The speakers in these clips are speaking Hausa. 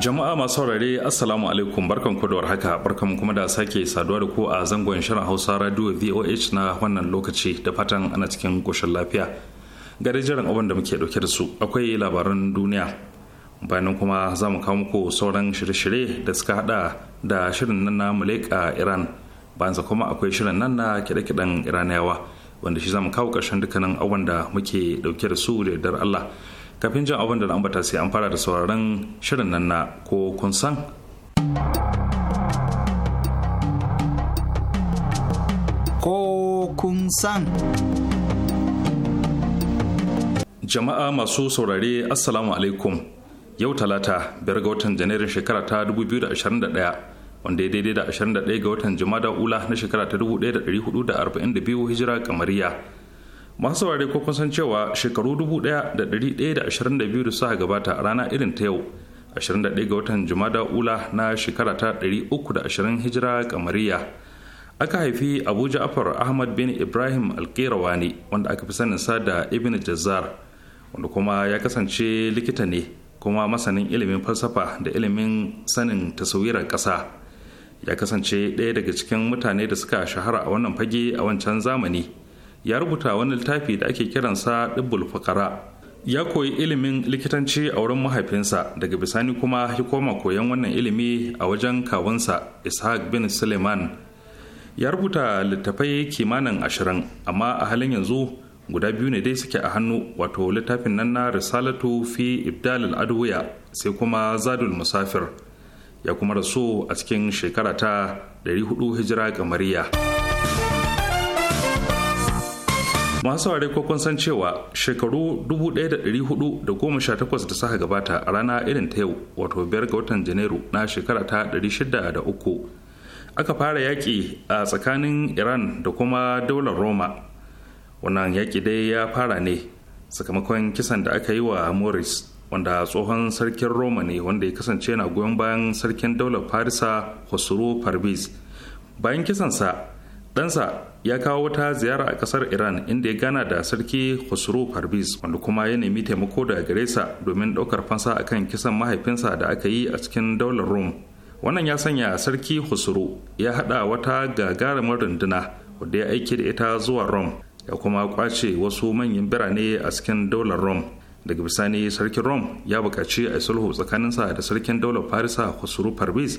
Jama'a masu saurare Assalamu alaikum barkan ku da warhaka barkan kuma da sake saduwa da ku a zangon shirin Hausa Radio VOH na wannan lokaci da fatan ana cikin koshin lafiya. Gare jiran abin da muke dauke da su akwai labaran duniya. Bayanan kuma za mu kawo muku sauran shirye-shirye da suka hada da shirin nan na a Iran. Bayan sa kuma akwai shirin nan na kiɗe-kiɗen Iraniyawa wanda shi za mu kawo ƙarshen dukkanin abin da muke dauke da su da yardar Allah. kafin jin abin da na ambata sai an fara da sauraron shirin nan na ko kun san ko kun san jama'a masu saurare assalamu alaikum yau talata biyar ga watan janairun shekara ta 2021 wanda ya daidai da 21 ga watan da ula na shekara ta 1442 hijira kamariya masu saurare ko kun san cewa shekaru 1122 da suka gabata a rana irin ta yau 21 ga watan jumada ula na shekara ta 320 hijira kamariya aka haifi abu ja'far ahmad bin ibrahim ne wanda aka fi saninsa da ibn jazzar wanda kuma ya kasance likita ne kuma masanin ilimin falsafa da ilimin sanin taswirar ƙasa ya kasance ɗaya daga cikin mutane da suka shahara a wannan fage a wancan zamani ya rubuta wani littafi da ake kiransa dubbul fakara ya koyi ilimin likitanci a wurin mahaifinsa daga bisani kuma ya koma koyon wannan ilimi a wajen kawunsa ishaq bin suleiman ya rubuta littafai kimanin ashirin amma a halin yanzu guda biyu ne dai suke a hannu wato littafin nan na risalatu fi ibdal adwiya sai kuma zadul musafir ya kuma rasu a cikin shekara ta 400 hijira kamariya. masu ware ko kun san cewa shekaru 1418 da suka gabata a rana irin ta yau wato biyar ga watan janairu na shekara ta 603 aka fara yaƙi a tsakanin iran da kuma daular roma wannan yaƙi dai ya fara ne sakamakon kisan da aka yi wa morris wanda tsohon sarkin roma ne wanda ya kasance na goyon bayan sarkin daular farisa hosuru farbis bayan kisansa ɗansa ya kawo wata ziyara a ƙasar iran inda ya gana da sarki khusru parviz wanda kuma ya nemi taimako da gare sa domin ɗaukar fansa a kan kisan mahaifinsa da aka yi a cikin daular rum wannan ya sanya sarki khusru ya haɗa wata gagarumar runduna wadda ya aiki da ita zuwa rom ya kuma kwace wasu manyan birane a cikin daular rom daga bisani sarkin rom ya buƙaci a sulhu tsakaninsa da sarkin daular farisa khusru parviz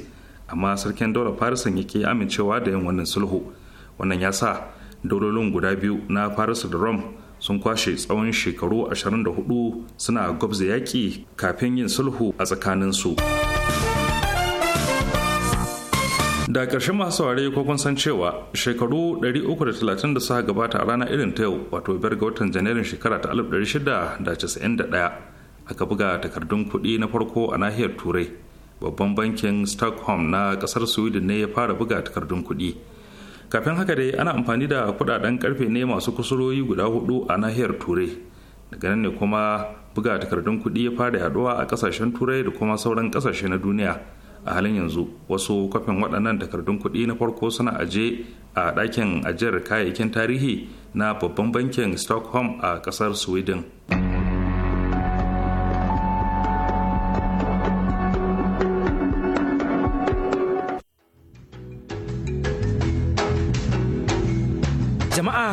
amma sarkin daular farisan yake amincewa da yin wannan sulhu wannan ya sa daulolin guda biyu na faris da rome sun kwashe tsawon shekaru 24 suna gwabza yaƙi kafin yin sulhu a tsakaninsu da ƙarshen masu saurari ko kun san cewa shekaru 330 da suka gabata a ranar irin ta yau wato biyar ga watan janairun shekara ta 1691 aka buga takardun kuɗi na farko a nahiyar turai babban bankin stockholm na ƙasar sweden ne ya fara buga takardun kuɗi kafin haka dai ana amfani da kudaden karfe ne masu kusuroyi guda hudu a nahiyar turai daga nan ne kuma buga takardun kuɗi ya fara yaduwa a kasashen turai da kuma sauran kasashe na duniya a halin yanzu wasu kafin waɗannan takardun kuɗi na farko suna aje a ɗakin ajiyar kayayyakin tarihi na babban bankin stockholm a ƙasar sweden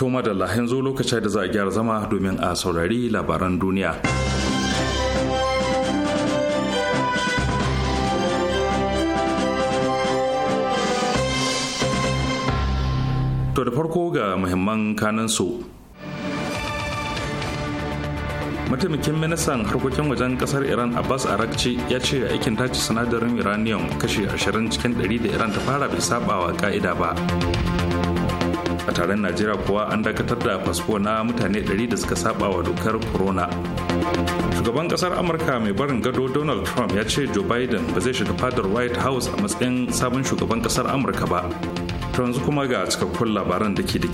To madalla yanzu lokacin da za a gyara zama domin a saurari labaran duniya. To da farko ga muhimman kanansu. Mataimakin ministan harkokin wajen kasar Iran Abbas Arakci ya ce aikin tace sinadarin uranium kashe 20 cikin 100 da Iran ta fara bai sabawa ka'ida ba. a taron najeriya kuwa an dakatar da fasfo na mutane 100 da suka saba wa dokar corona shugaban kasar amurka mai barin gado donald trump ya ce joe biden ba zai shiga fadar white house a matsayin sabon shugaban kasar amurka ba yanzu kuma ga cikakkun labaran da ke da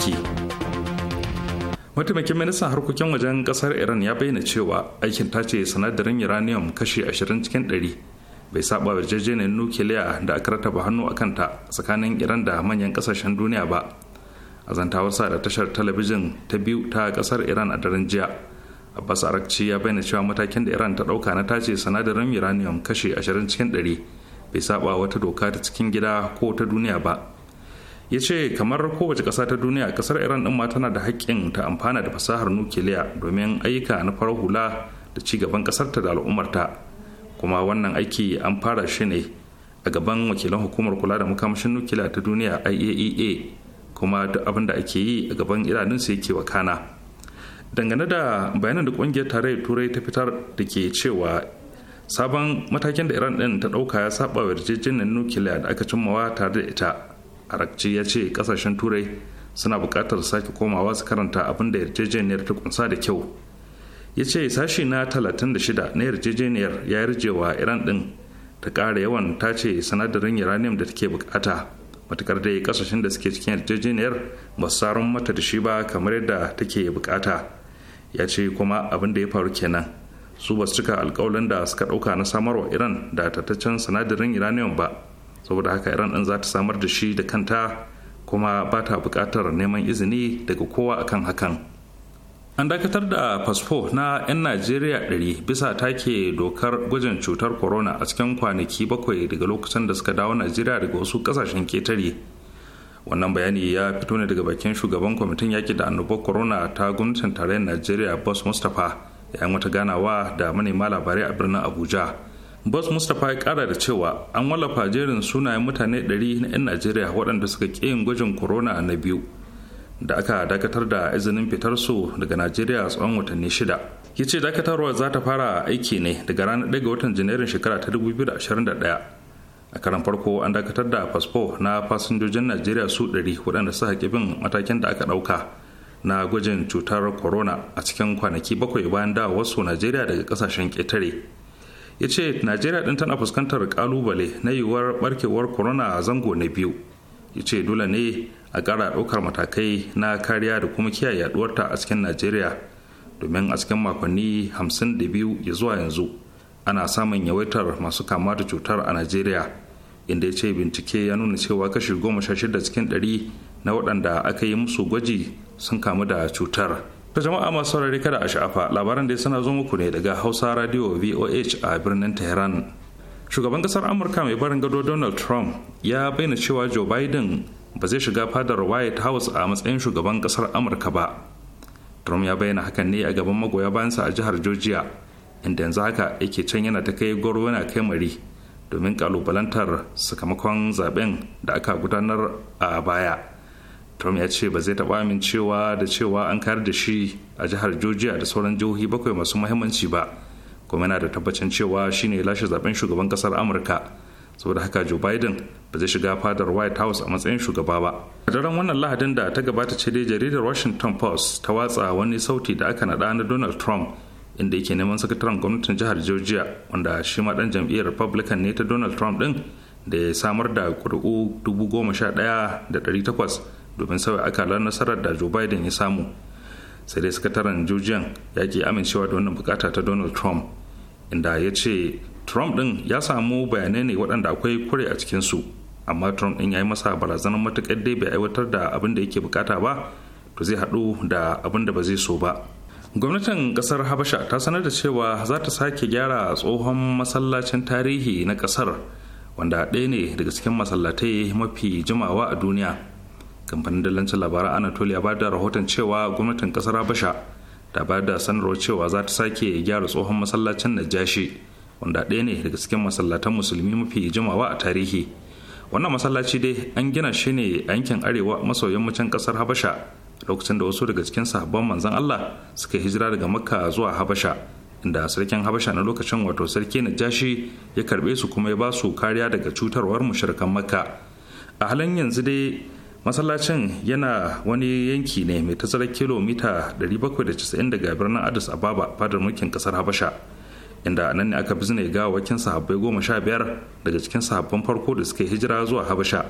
mataimakin ministan harkokin wajen kasar iran ya bayyana cewa aikin tace sinadarin uranium kashi ashirin cikin 100 bai saba yarjejeniyar nukiliya da aka rataba hannu a kanta tsakanin iran da manyan kasashen duniya ba a zantawarsa da tashar talabijin ta biyu ta kasar iran a daren jiya abbas arakci ya bayyana cewa matakin da iran ta dauka na tace sanadarin uranium kashe 20 cikin 100 bai saba wata doka ta cikin gida ko ta duniya ba ya ce kamar kowace ƙasa ta duniya ƙasar iran ɗin ma tana da haƙƙin ta amfana da fasahar nukiliya domin ayyuka na farar hula da ci gaban ta da al'ummarta kuma wannan aiki an fara shi ne a gaban wakilan hukumar kula da makamashin nukiliya ta duniya iaea e kuma duk abin da ake yi a gaban idanunsu yake wakana dangane da bayanan da kungiyar tarayyar turai ta fitar da ke cewa sabon matakin da iran din ta dauka ya saba wa yarjejeniyar nukiliya da aka cimmawa tare da ita arakci ya ce kasashen turai suna buƙatar sake komawa su karanta abin da yarjejeniyar ta kunsa da kyau ya ce sashi na 36 na yarjejeniyar ya yarjewa iran din ta ƙara yawan ta ce sanadarin uranium da take bukata matukar dai kasashen da suke cikin yarjejeniyar ba su mata da shi ba kamar yadda take bukata ya ce kuma abin da ya faru kenan su ba su cika alkawalin da suka dauka na samarwa iran da tattacen sinadarin iranium ba saboda haka iran din za ta samar da shi da kanta kuma ba ta bukatar neman izini daga kowa akan hakan an dakatar da fasfo na 'yan najeriya 100 bisa take dokar gwajin cutar corona a cikin kwanaki bakwai daga lokacin da suka dawo najeriya daga wasu kasashen ketare wannan bayani ya fito ne daga bakin shugaban kwamitin yaki da annobar corona ta gwamnatin tarayyar najeriya bas mustapha yayin wata ganawa da manema labarai a birnin abuja bas mustapha ya kara da cewa an wallafa jerin sunayen mutane 100 na 'yan najeriya waɗanda suka ƙi yin gwajin corona na biyu da aka dakatar da izinin fitarsu daga najeriya tsawon watanni shida ya ce dakatarwar za ta fara aiki ne daga ranar ɗaya ga watan janairun shekara ta 2021 a karan farko an dakatar da fasfo na fasinjojin najeriya su 100 waɗanda suka bin matakin da aka ɗauka na gwajin cutar corona a cikin kwanaki bakwai bayan da wasu najeriya daga ƙasashen ƙetare ya ce najeriya ɗin tana fuskantar ƙalubale na yiwuwar ɓarkewar corona a zango na biyu ya ce dole ne a ƙara ɗaukar matakai na kariya da kuma kiyaye yaduwarta a cikin najeriya domin a cikin makonni 52 ya zuwa yanzu ana samun yawaitar masu kama da cutar a najeriya inda ya ce bincike ya nuna cewa kashi 16 cikin 100 na waɗanda aka yi musu gwaji sun kamu da cutar ta jama'a masu saurari kada a sha'afa labaran da ya sana zo muku ne daga hausa radio voh a birnin tehran shugaban kasar amurka mai barin gado donald trump ya bayyana cewa joe biden ba zai shiga fadar white house a matsayin shugaban kasar amurka ba trump ya bayyana hakan ne a gaban magoya bayansa a jihar georgia inda yanzu haka yake can yana ta kai gwarwana yana kai mari domin kalubalantar sakamakon zaben da aka gudanar a baya trump ya ce ba zai taɓa amincewa da cewa an kayar da shi a jihar georgia da sauran jihohi bakwai masu muhimmanci ba kuma yana da tabbacin cewa shine lashe zaben shugaban kasar amurka saboda haka joe biden ba zai shiga fadar white house a matsayin shugaba ba a daren wannan lahadin da ta gabata ce dai jaridar washington post ta watsa wani sauti da aka naɗa na donald trump inda yake neman sakataren gwamnatin jihar georgia wanda shi ma dan jam'iyyar republican ne ta donald trump din da ya samar da ƙuri'u 11,800 domin sauya akalar nasarar da joe biden ya samu sai dai sakataren georgian ya ke amincewa da wannan bukata ta donald trump inda ya ce trump ɗin ya samu bayanai ne waɗanda akwai kure a cikinsu amma trump ɗin ya yi masa barazanar matuƙar dai bai aiwatar da abin da yake bukata ba to zai haɗu da abin da ba zai so ba gwamnatin ƙasar habasha ta sanar da cewa za ta sake gyara tsohon masallacin tarihi na ƙasar wanda ɗaya ne daga cikin masallatai mafi jimawa a duniya kamfanin dalancin labaran anatolia ba da rahoton cewa gwamnatin ƙasar habasha ta ba da sanarwar cewa za ta sake gyara tsohon masallacin najashi wanda ɗaya ne daga cikin masallatan musulmi mafi jimawa a tarihi wannan masallaci dai an gina shi ne a yankin arewa maso yammacin ƙasar habasha lokacin da wasu daga cikin sahabban manzon allah suka hijira daga makka zuwa habasha inda sarkin habasha na lokacin wato sarki najashi ya karbe su kuma ya ba su kariya daga cutarwar mushrikan makka a halin yanzu dai masallacin yana wani yanki ne mai tazarar kilomita 790 daga birnin addis ababa fadar mulkin kasar habasha inda nan ne aka bizne gawakin sahabbai goma sha biyar daga cikin sahabban farko da suka hijira zuwa habasha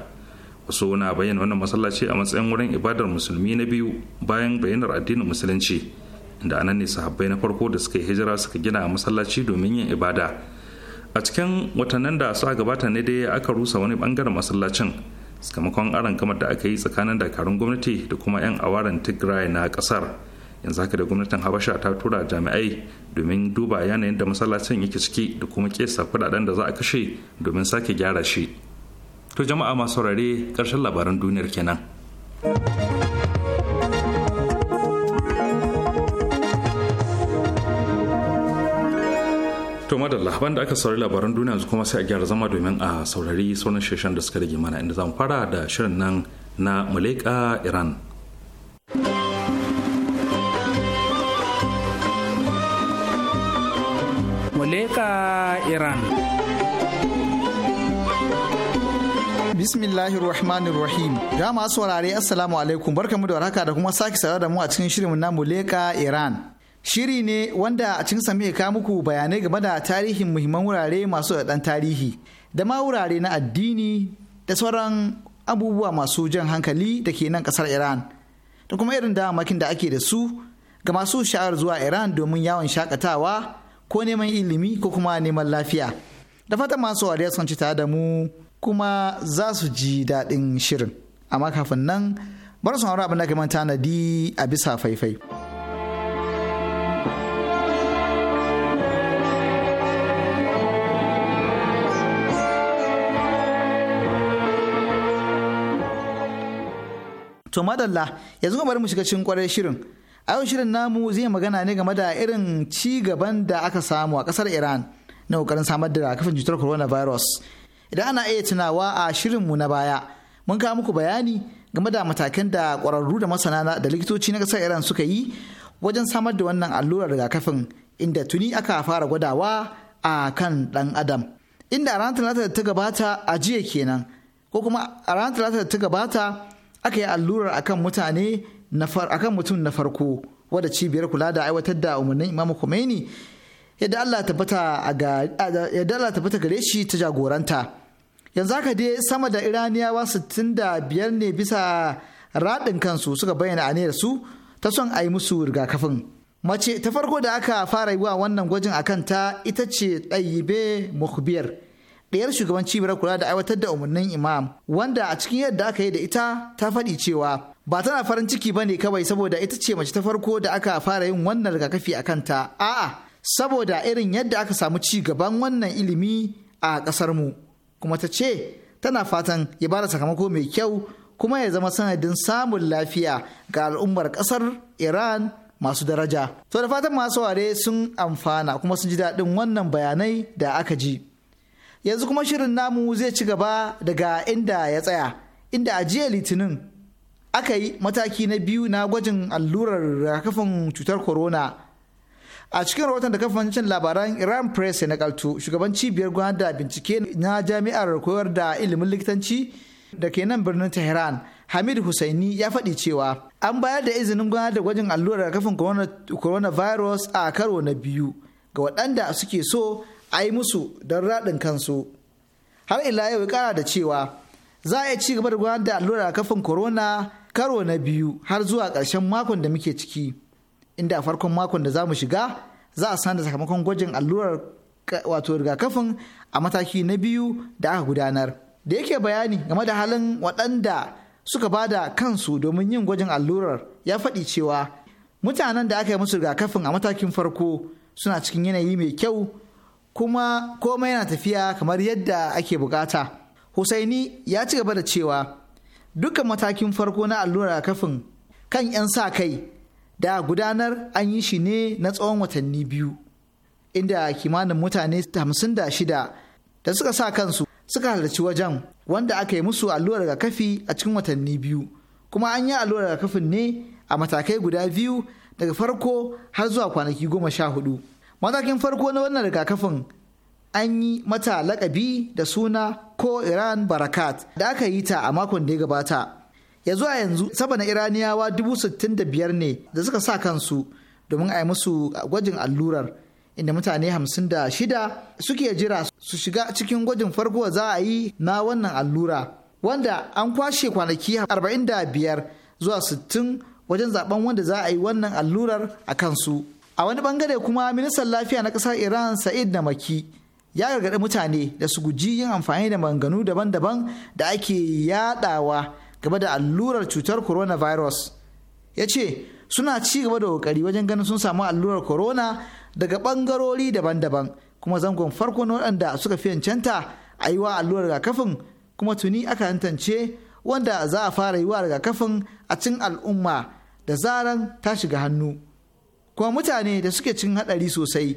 wasu na bayyana wannan masallaci a matsayin wurin ibadar musulmi na biyu bayan bayyanar addinin musulunci inda nan ne sahabbai na farko da suka hijira suka gina masallaci domin yin ibada a cikin watannin da suka gabata ne dai aka rusa wani bangaren masallacin sakamakon aron kamar da aka yi tsakanin dakarun gwamnati da kuma 'yan awaren tigray na kasar yanzu haka da gwamnatin habasha ta tura jami'ai domin duba yanayin da masallacin yake ciki da kuma kesa kudaden da za a kashe domin sake gyara shi to jama'a masu saurare karshen labaran duniyar kenan to madalla da aka saurari labaran duniya yanzu kuma sai a gyara zama domin a saurari sauran shirin da suka rage mana inda zamu fara da shirin nan na Malika iran muleka iran bismillahir rahmanir rahim ya masu warare assalamu alaikum barkamu da warhaka da kuma sake saurara da mu a cikin shirin na muleka iran shiri ne wanda a cikin sami ka muku bayanai game da tarihin muhimman wurare masu da tarihi da ma wurare na addini da sauran abubuwa masu jan hankali da ke nan kasar iran da kuma irin damakin da ake da su ga masu sha'ar zuwa iran domin yawon shakatawa ko neman ilimi ko kuma neman lafiya da fatan masu wariya sun ci da mu kuma za su ji daɗin shirin amma kafin nan bar su haura abin da manta tanadi a bisa faifai. To madalla yanzu bari mu shiga cikin kwarar shirin a yau shirin namu zai magana ne game da irin ci gaban da aka samu a kasar iran na kokarin samar da kafin cutar coronavirus idan ana iya tunawa a shirin mu na baya mun kawo muku bayani game da matakan da kwararru da masana da likitoci na kasar iran suka yi wajen samar da wannan allurar rigakafin inda tuni aka fara gwadawa a kan dan adam inda a ranar talata da ta gabata a jiya kenan ko kuma a ranar talata da ta gabata aka yi allurar akan mutane akan mutum na farko wadda cibiyar kula da aiwatar da umarnin Imam Khomeini yadda Allah tabbata gare shi ta jagoranta yanzu haka dai sama da iraniyawa biyar ne bisa raɗin kansu suka bayyana aniyar su ta son a yi musu rigakafin mace ta farko da aka fara yi wa wannan gwajin a kanta ita ce ɗayibe mukhbir ɗayar shugaban cibiyar kula da aiwatar da umarnin imam wanda a cikin yadda aka yi da ita ta faɗi cewa ba tana farin ciki ba ne kawai saboda ita ce mace ta farko da aka fara yin wannan rigakafi a kanta a'a saboda irin yadda aka samu ci gaban wannan ilimi a ƙasar mu kuma ta ce tana fatan ya bada sakamako mai kyau kuma ya zama sanadin samun lafiya ga al'ummar ƙasar iran masu daraja to da fatan masu ware sun amfana kuma sun ji daɗin wannan bayanai da aka ji yanzu kuma shirin namu zai ci gaba daga inda ya tsaya inda a jiya litinin aka yi mataki na biyu na gwajin allurar rigakafin cutar corona a cikin rahoton da kafin cin labaran iran press na kaltu shugaban cibiyar gudanar da bincike na jami'ar koyar da ilimin likitanci da ke nan birnin tehran hamid husaini ya faɗi cewa an bayar da izinin gudanar da gwajin allurar rigakafin virus a karo na biyu ga waɗanda suke so a yi musu don raɗin kansu har ila yau ya kara da cewa za a iya ci gaba da gudanar da allurar rigakafin corona karo na biyu har zuwa ƙarshen makon da muke ciki inda a farkon makon da za mu shiga za a da sakamakon gwajin allurar wato rigakafin a mataki na biyu da aka gudanar da yake bayani game da halin waɗanda suka ba da kansu domin yin gwajin allurar ya faɗi cewa mutanen da aka yi musu rigakafin a matakin farko suna cikin yanayi mai kyau kuma komai yana tafiya kamar yadda ake bukata. Husaini ya ci gaba da cewa duka matakin farko na allurar kafin kan 'yan sa kai da gudanar an yi shi ne na tsawon watanni biyu inda kimanin mutane 56 da shida da suka sa kansu suka halarci wajen wanda aka yi musu allurar rigakafi a cikin watanni biyu kuma an yi allurar kafin ne a matakai guda biyu daga farko har zuwa kwanaki goma sha hudu matakin farko na wannan rigakafin an yi mata lakabi da suna ko Iran Barakat da aka yi ta a makon da ya gabata. Ya zuwa yanzu saba na Iraniyawa dubu sittin da biyar ne da suka sa kansu domin a yi musu gwajin allurar inda mutane hamsin da shida suke jira su shiga cikin gwajin farko za a yi na wannan allura wanda an kwashe kwanaki arba'in da biyar zuwa sittin wajen zaben wanda za a yi wannan allurar a kansu. A wani bangare kuma ministan lafiya na ƙasar Iran Sa'id Namaki ya gargaɗi mutane da su guji yin amfani da manganu daban-daban da ake yaɗawa game da allurar cutar coronavirus ya ce suna ci gaba da kokari wajen ganin sun samu allurar corona daga ɓangarori daban-daban kuma zangon farko na waɗanda suka fi yancanta a yi wa allurar rigakafin kuma tuni aka tantance wanda za a fara yi wa rigakafin a cin al'umma da zaran ta shiga hannu kuma mutane da suke cin haɗari sosai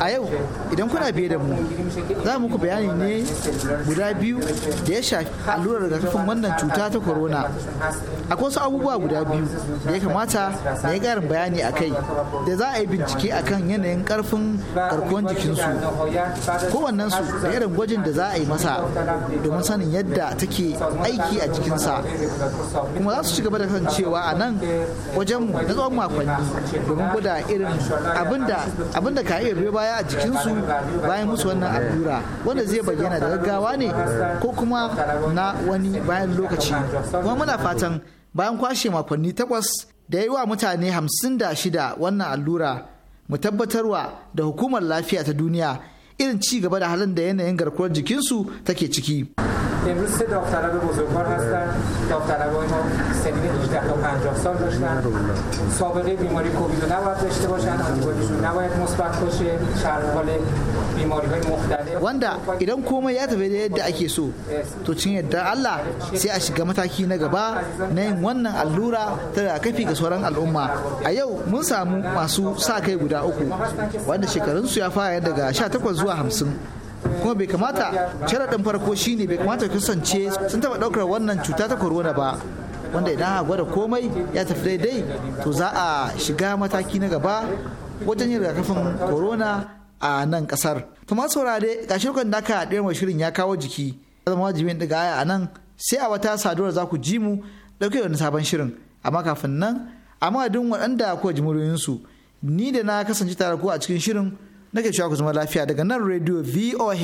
a yau idan kuna biye da mu za muku bayani ne guda biyu da ya shafi allurar rigakafin wannan cuta ta korona akwai wasu abubuwa guda biyu da ya kamata na yi karin bayani a kai da za a yi bincike a kan yanayin karfin garkuwan jikinsu kowannensu da irin gwajin da za a yi masa domin sanin yadda take aiki a jikinsa kuma za su ci gaba da kasancewa a nan wajenmu na tsawon makonni domin guda irin abinda ka yi biyo baya a jikinsu bayan musu wannan allura wanda zai bayyana da gaggawa ne ko kuma na wani bayan lokaci kuma muna fatan bayan kwashe makonni takwas da yi wa mutane hamsin da shida wannan allura mu tabbatarwa da hukumar lafiya ta duniya irin ci gaba da halin da yanayin garkuwar jikinsu take ciki. امروز سه داوطلب بزرگوار هستن داوطلبای ما سنین 18 تا 50 سال داشتن سابقه بیماری کووید رو نباید داشته باشن آنتیبادیشون نباید مثبت باشه شرحال بیماری های مختلف wanda idan komai ya tafi da yadda ake so to cin yadda Allah sai a shiga mataki na gaba na yin wannan allura ta rakafi ga sauran al'umma a yau mun samu masu sa kai guda uku wanda shekarunsu ya fara daga 18 zuwa 50 kuma bai kamata sharaɗin farko shine bai kamata kasance sun taɓa ɗaukar wannan cuta ta korona ba wanda idan a gwada komai ya tafi daidai to za a shiga mataki na gaba wajen yin rigakafin korona a nan kasar. To masu saurare ga shirkan da aka haɗe mai shirin ya kawo jiki ya zama wajibin daga aya a nan sai a wata saduwar za ku ji mu ɗauke wani sabon shirin amma kafin nan a madadin waɗanda ko ji su ni da na kasance tare ko a cikin shirin nake cewa ku zama lafiya daga nan radio voh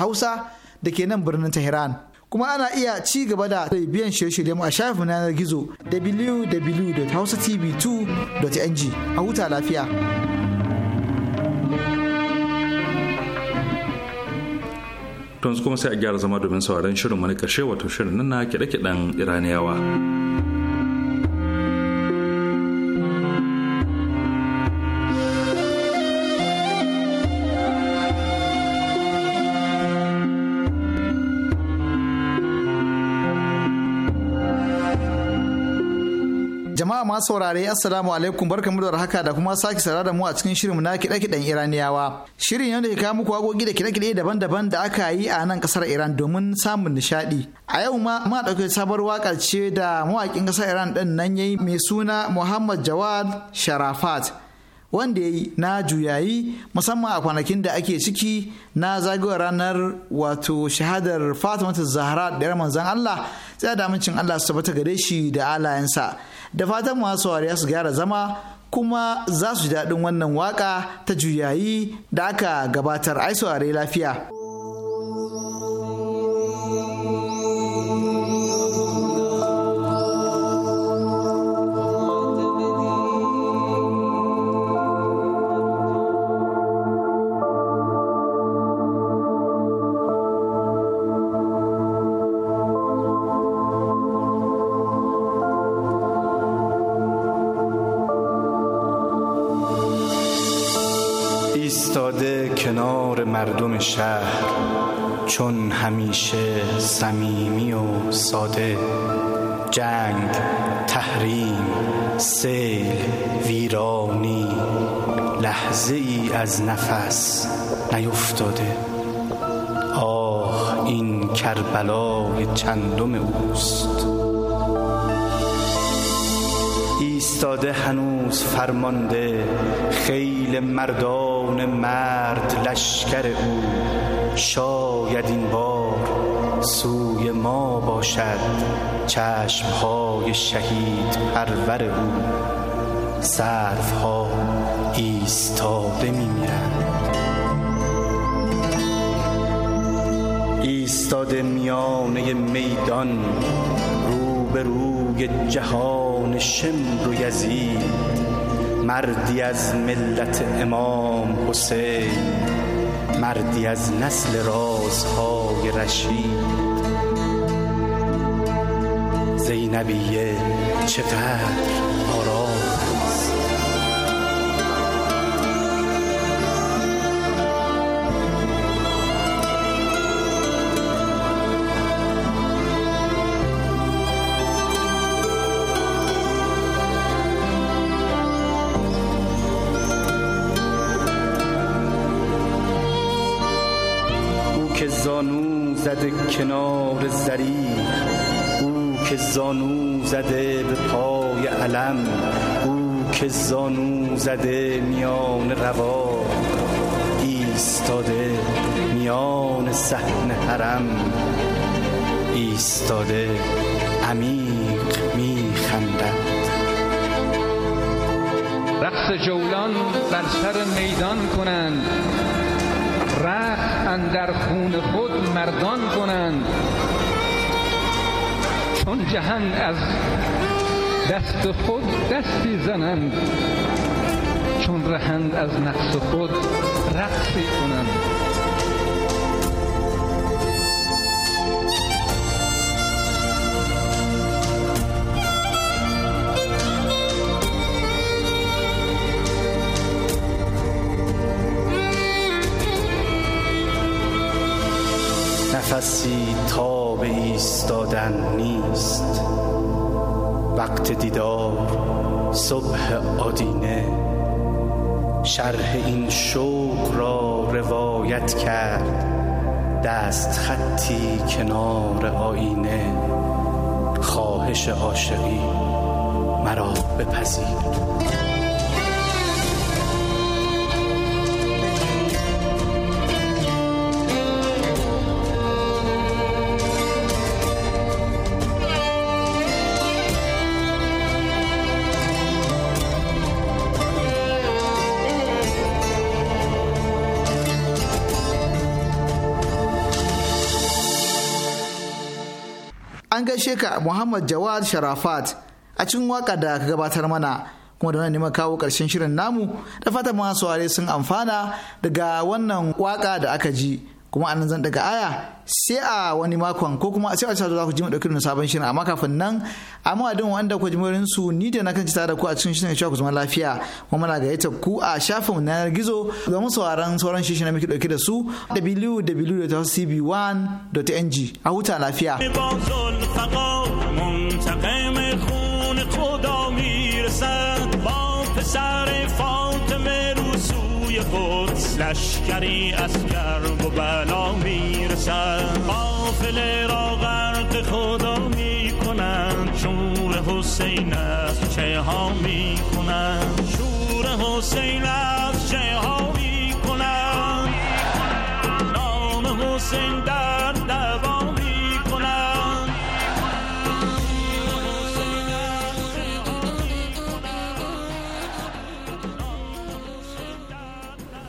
hausa da ke nan birnin tehran kuma ana iya ci gaba da biyan shirye-shirye mu a shafin yanar gizo www.hausatv2.ng a huta lafiya tun kuma sai a gyara zama domin sauran shirin mani karshe wato shirin nan na kiɗe-kiɗen iraniyawa ma saurare assalamu alaikum mu da haka da kuma sake sara da mu a cikin shirinmu na kiɗe-kiɗen Iraniyawa. Shirin yau ne kawo muku wagogi da kiɗe-kiɗe daban-daban da aka yi a nan ƙasar Iran domin samun nishaɗi. A yau ma ma ɗauke sabar wakar ce da mawaƙin ƙasar Iran ɗin nan yayi mai suna Muhammad Jawad Sharafat. wanda ya yi na juyayi musamman a kwanakin da ake ciki na zagayowar ranar wato shahadar fatimata zahra da yar manzan Allah sai da mincin Allah su tabbata gare shi da alayensa da fatan masu wariya su gyara zama kuma za su ji daɗin wannan waka ta juyayi da aka gabatar ai saurare lafiya. ایستاده کنار مردم شهر چون همیشه صمیمی و ساده جنگ تحریم سیل ویرانی لحظه ای از نفس نیفتاده آه این کربلا چندم اوست ایستاده هنوز فرمانده خیل مردان مرد لشکر او شاید این بار سوی ما باشد چشمهای شهید پرور او ها ایستاده میمیرند ایستاده میانه میدان روبروی جهان شمر و یزید مردی از ملت امام حسین مردی از نسل رازهای رشید زینبیه چقدر کنار زری او که زانو زده به پای علم او که زانو زده میان روا ایستاده میان صحن حرم ایستاده عمیق میخندد رقص جولان بر سر میدان کنند رخ اندر خون خود مردان کنند چون جهان از دست خود دستی زنند چون رهند از نقص خود رقصی کنند کسی به ایستادن نیست وقت دیدار صبح آدینه شرح این شوق را روایت کرد دست خطی کنار آینه خواهش عاشقی مرا بپذیر gaishe ka Muhammad Jawad Sharafat a cikin waka da ka gabatar mana kuma da wannan neman kawo karshen shirin namu da fatan masu sun amfana daga wannan waka da aka ji kuma a nan zan daga aya sai a wani makon ko kuma sai a cewa za ku ji mu na sabon shirin amma kafin nan a madadin wanda ku murin su ni da na kanci da ku a cikin shirin cewa ku zama lafiya kuma na gayyata ku a shafin na yanar gizo domin sauraron sauran shirin na muke dauke da su www.cb1.ng a huta lafiya منتقم خون خود لشکری از گرب و بلا میرسد قافله را غرق خدا میکنند شور حسین از چه ها میکنند شور حسین از چه ها میکنند نام حسین در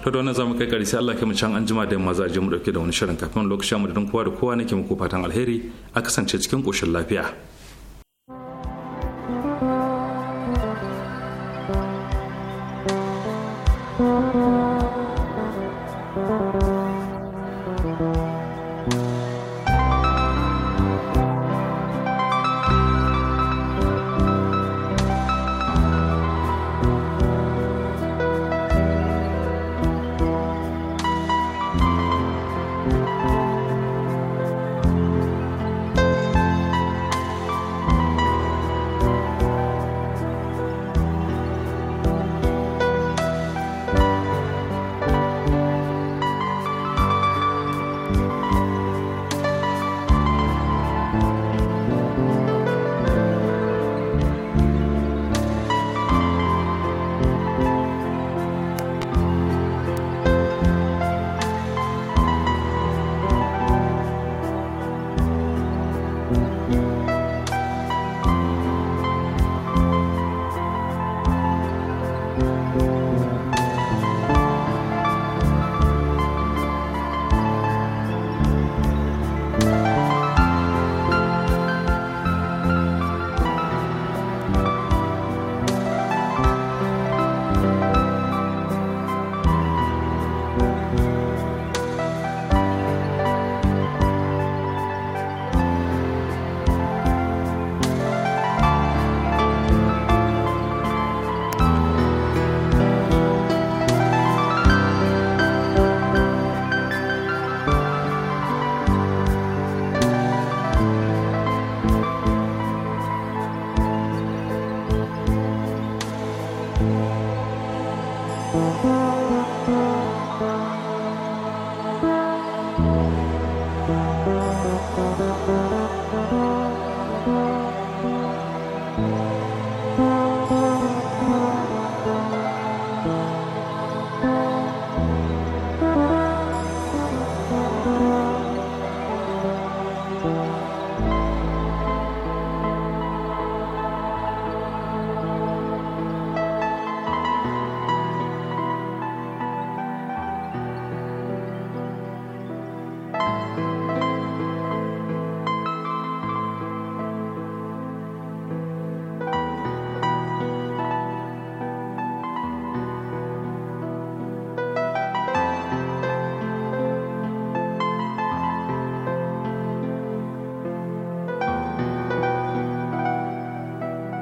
ta da wannan zamu kai sai Allah ke mu can an jima da yamma za a je mu dauke da wani shirin kafin lokacin mu da kowa da kowa nake muku fatan alheri a kasance cikin koshin lafiya Música